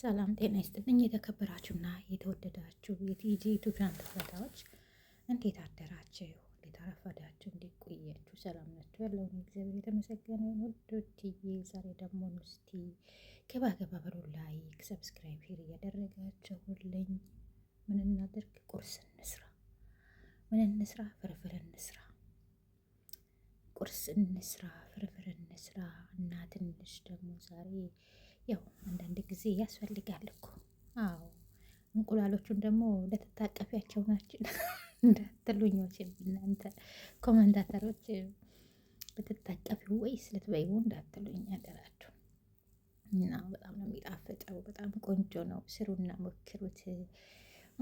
ሰላም ጤና ይስጥልኝ። የተከበራችሁና የተወደዳችሁ የቲጂ ቱጃን ተከታታዮች እንዴት አደራችሁ? እንዴት አረፈዳችሁ? እንዴት ቆያችሁ? ሰላም ናችሁ? ያለውን እግዚአብሔር የተመሰገነ ወዶችዬ። ዛሬ ደግሞ ንስቲ ገባ ገባ በሉ ላይክ፣ ሰብስክራይብ፣ ሼር እያደረጋችሁልኝ ምን እናድርግ? ቁርስ እንስራ፣ ምን እንስራ? ፍርፍር እንስራ ቁርስ እንስራ፣ ፍርፍር እንስራ እና ትንሽ ደግሞ ዛሬ ያው አንዳንድ ጊዜ ያስፈልጋል እኮ። አዎ እንቁላሎቹን ደግሞ ለተታቀፊያቸው ናቸው እንዳትሉኝ እናንተ ኮመንታተሮች፣ ልትታቀፊው ወይስ ልትበይው እንዳትሉኝ አደራችሁ። እና በጣም ነው የሚጣፍጠው። በጣም ቆንጆ ነው። ስሩና ሞክሩት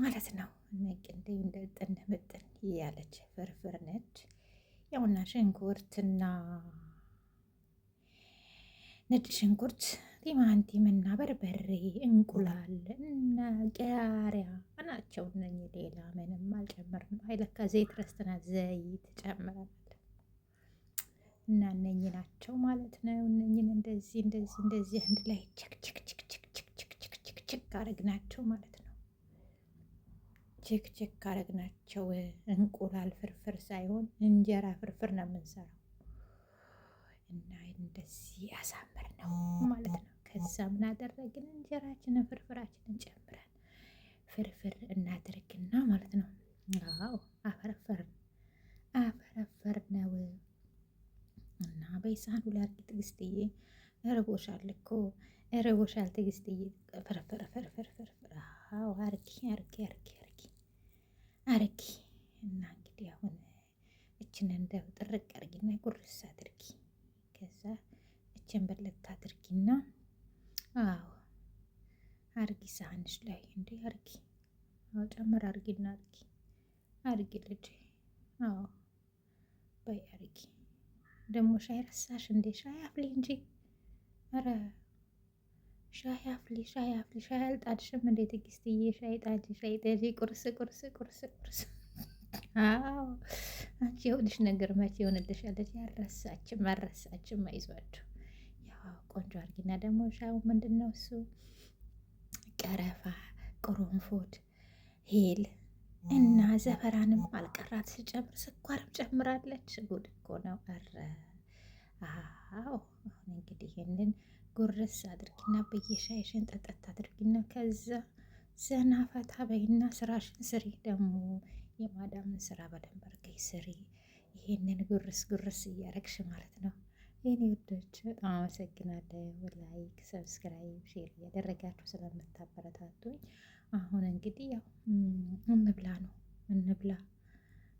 ማለት ነው። ነቅንዴ እንደጥን ምጥን እያለች ፍርፍር ነች። ያውና ሽንኩርትና ነጭ ሽንኩርት ቲማንቲም እና በርበሬ፣ እንቁላል እና ቃሪያ ናቸው እነኚህ። ሌላ ምንም አልጨምርም። አይለካ ዘይት ረስትና ዘይት ጨምራል እና እነኚህ ናቸው ማለት ነው። እነኚህን እንደዚህ እንደዚህ እንደዚህ አንድ ላይ ችክችክችክችክችክችክችክ አረግናቸው ማለት ነው። ችክችክ አረግናቸው። እንቁላል ፍርፍር ሳይሆን እንጀራ ፍርፍር ነው የምንሰራው። እና እንደዚህ ያሳምር ነው ማለት ነው። ከዛ ምን አደረግን? እንጀራችንን ፍርፍራችንን ጨምረን ፍርፍር እናደርግና ማለት ነው። አዎ አፈረፈርን አፈረፈር ነው እና በይሳኑ ላርግ ትግስትዬ፣ እርቦሻል እኮ እርቦሻል ትግስትዬ፣ ፍርፍር ፍርፍር አርጊ አርጊ አርጊ አርጊ አርጊ እና እንግዲህ አሁን እችን እንደው ጥርቅ አርጊና ትንሽ ላይ እንዴ አርጊ፣ ጨምር አርጊና አርጊ አርጊ ልጅ፣ አዎ በይ አርጊ። ደግሞ ሻይ ረሳሽ እንዴ? ሻይ አፍሊ እንጂ። ኧረ ሻይ አፍሊ፣ ሻይ አፍሊ፣ ሻይ አልጣድሽም እንዴ? ትዕግስትዬ፣ ሻይ ጣጂ፣ ሻይ ጣጂ። ቁርስ ቁርስ ቁርስ ቁርስ። አዎ አንቺ የሆንሽ ነገር መቼ ይሆንልሻለች? ያልረሳችም አልረሳችም። አይዟችሁ፣ ያው ቆንጆ አርጊና ደግሞ ሻዩ ምንድን ነው እሱ ጨረፋ፣ ቅርንፉድ፣ ሄል እና ዘፈራንም አልቀራት ስጨምር ስኳርም ጨምራለች። ጉድ እኮ ነው። ኧረ አዎ። እንግዲህ ይህንን ጉርስ አድርጊና በየሻይሽን ጠጠት አድርጊና ከዛ ዘና ፈታ በይና ስራሽን ስሪ። ደግሞ የማዳምን ስራ በደንብ አድርገሽ ስሪ። ይህንን ጉርስ ጉርስ እያረግሽ ማለት ነው። የኔ ውዶች በጣም አመሰግናለሁ። ላይክ፣ ሰብስክራይብ፣ ሼር እያደረጋችሁ ስለምታበረታቱኝ አሁን እንግዲህ ያው እንብላ ነው እንብላ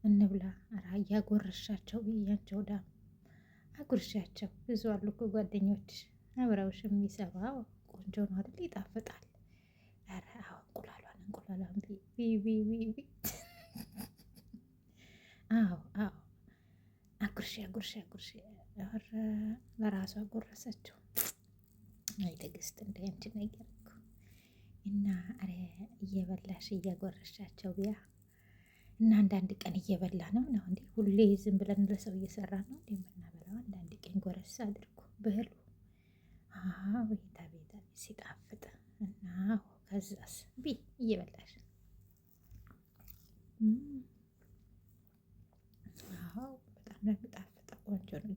እንብላ ራ እያጎረሻቸው ብያቸው ዳ አጉርሻቸው ብዙ አሉ እኮ ጓደኞች አብረውሽ የሚሰራ ቆንጆ ነው አይደል? ይጣፍጣል። ኧረ አዎ እንቁላሏን እንቁላሏን ቢቢቢቢ አዎ አዎ አጉርሽ አጉርሽ አጉርሽ ኧረ ለራሷ ጎረሰችው። አይ ትዕግስት እንደ አንቺ ነገር እኮ እና አረ እየበላሽ እያጎረሻቸው ቢያ እና አንዳንድ ቀን እየበላ ነው ነው እንዴ? ሁሌ ዝም ብለን ለሰው እየሰራ ነው እንዴ የምናበላው? አንዳንድ ቀን ጎረስ አድርጎ በህሉ ቤታ ቤታ ሲጣፍጥ እና ከዛስ ቢ እየበላሽ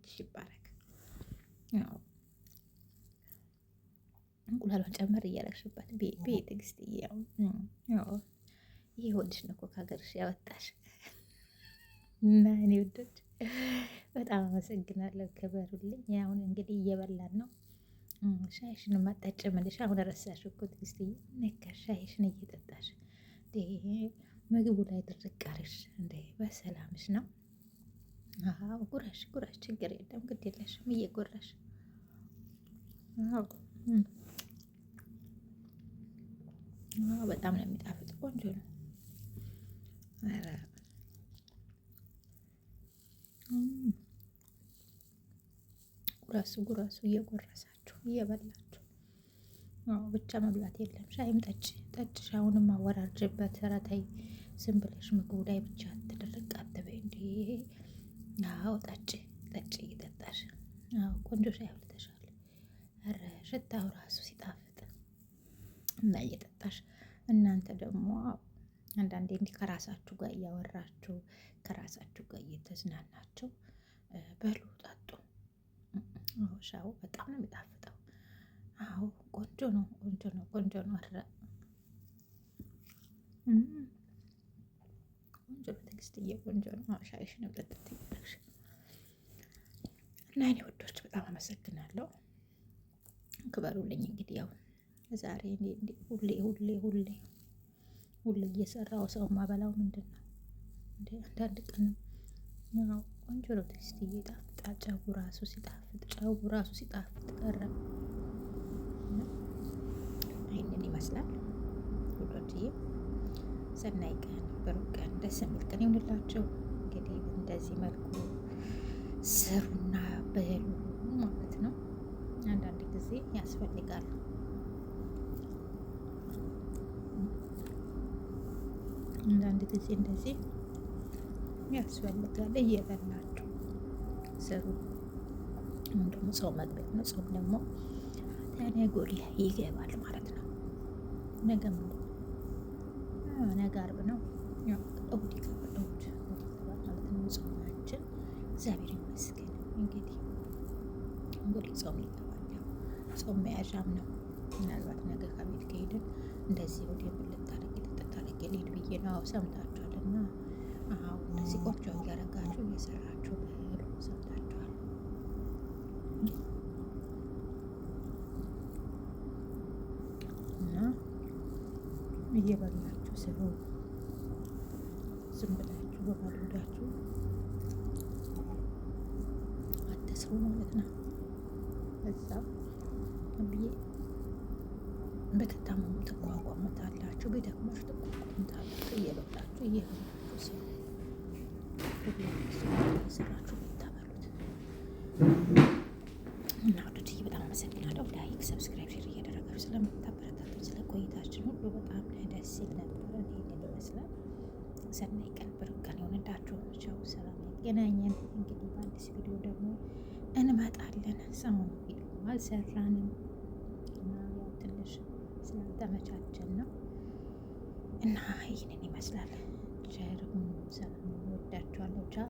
እሺ ይባረክ። እንቁላሏን ጨመር እያለግሽበት ቤ ትግስት እያው ይህ ሆድሽ ነው እኮ ከሀገርሽ ያወጣሽ እና እኔ ውዶች በጣም አመሰግናለሁ። ክበሩልኝ። አሁን እንግዲህ እየበላን ነው። ሻይሽን ማጠጭምልሽ አሁን ረሳሽ እኮ ትግስትዬ፣ ነካ ሻይሽን እየጠጣሽ ምግቡ ላይ ድርቅ አለሽ እንደ በሰላምሽ ነው። ጉረሽ ጉረሽ፣ ችግር የለም ግድ የለሽም እየጎረሽ በጣም ነው የሚጣፍጥ። ቆንጆ ነው። ጉረሱ ጉረሱ፣ እየጎረሳችሁ እየበላችሁ ብቻ መብላት የለም። ሻይም ጠጭ ጠጭ። ሻውንም አወራርጅበት። ኧረ ተይ ዝም ብለሽ ምግቡ ላይ ብቻ አትድርቅ አትበይ እንዲህ አዎ ጠጪ ጠጪ እየጠጣሽ አዎ፣ ቆንጆ ሻይ አፍልተሻል። ኧረ ሽታው ራሱ ሲጣፍጥ እና እየጠጣሽ እናንተ ደግሞ አንዳንዴ እንዲህ ከራሳችሁ ጋር እያወራችሁ ከራሳችሁ ጋር እየተዝናናችሁ በሉ ጠጡ። ሻው በጣም ነው የሚጣፍጠው። አዎ ቆንጆ ነው፣ ቆንጆ ነው፣ ቆንጆ ነው። አረ ቆንጆ ነው ትዕግስትዬ፣ ቆንጆ ነው። ነው ጠጥት እና እኔ ወዶች በጣም አመሰግናለሁ። ክበሩልኝ። እንግዲህ ያው ዛሬ ሁሌ ሁሌ ሁሌ ሁሌ እየሰራው ሰው ማበላው ምንድን ነው እንደ አንዳንድ ቀን ያው ቆንጆ ነው ቴስት እየጣፍጣ ጨው ራሱ ሲጣፍጥ ጨው ራሱ ሲጣፍጥ ቀረ። ይህንን ይመስላል ውዶችዬ። ሰናይ ቀን፣ ብሩክ ቀን፣ ደስ የሚል ቀን ይሁንላችሁ። እንግዲህ እንደዚህ መ ስሩና በሉ ማለት ነው። አንዳንድ ጊዜ ያስፈልጋል። አንዳንድ ጊዜ እንደዚህ ያስፈልጋል። እየበላችሁ ስሩ። ምንድነው ሰው መግቢያ ነው። ሰው ደግሞ ታዲያ ጎሪያ ይገባል ማለት ነው። ነገ ምንድን ነገ አርብ ነው። እሑድ ይገባል። እሑድ ይገባል ማለት ነው። እግዚአብሔር ይመስገን። እንግዲህ እንግዲህ ጾም ይገባለሁ። ጾም መያዣም ነው። ምናልባት ነገ ከቤት ከሄድን እንደዚህ ወደ ምልታረግ ልትታረግ ልሄድ ብዬ ነው። አዎ እና አዎ እነዚህ ቆንጆ እያረጋችሁ እየሰራችሁ ብሎ ሰምታችኋል። እና እየበላችሁ ስሩ። ዝም ብላችሁ በማለዳችሁ ሰው ማለት ነው። እዛ ብዬ በትታመሙ ትቋቋሙታላችሁ፣ ቢደክማችሁ ትቋቋሙታላችሁ። እየበላችሁ እየበላችሁ ሰው እየሰራችሁ ብታበሉት እና ወደድ በጣም አመሰግናለሁ። ላይክ፣ ሰብስክራይብ፣ ሼር እያደረጋችሁ ስለምታበረታቱኝ ስለ ቆይታችን ሁሉ በጣም ደስ ይል ነበረ። ይሄን ይመስላል። ሰናይ ቀን ብሩክ ቀን ይሁንላችሁ። ቻው፣ ሰላም፣ ያገናኘን። እንግዲህ በአዲስ ቪዲዮ ደግሞ እንመጣለን። ሰሞኑን ቪዲዮ አልሰራንም እና ያው ትንሽ ስላልተመቻቸን ነው እና ይህንን ይመስላል። ቸር ሰላም ወዳችኋለሁ።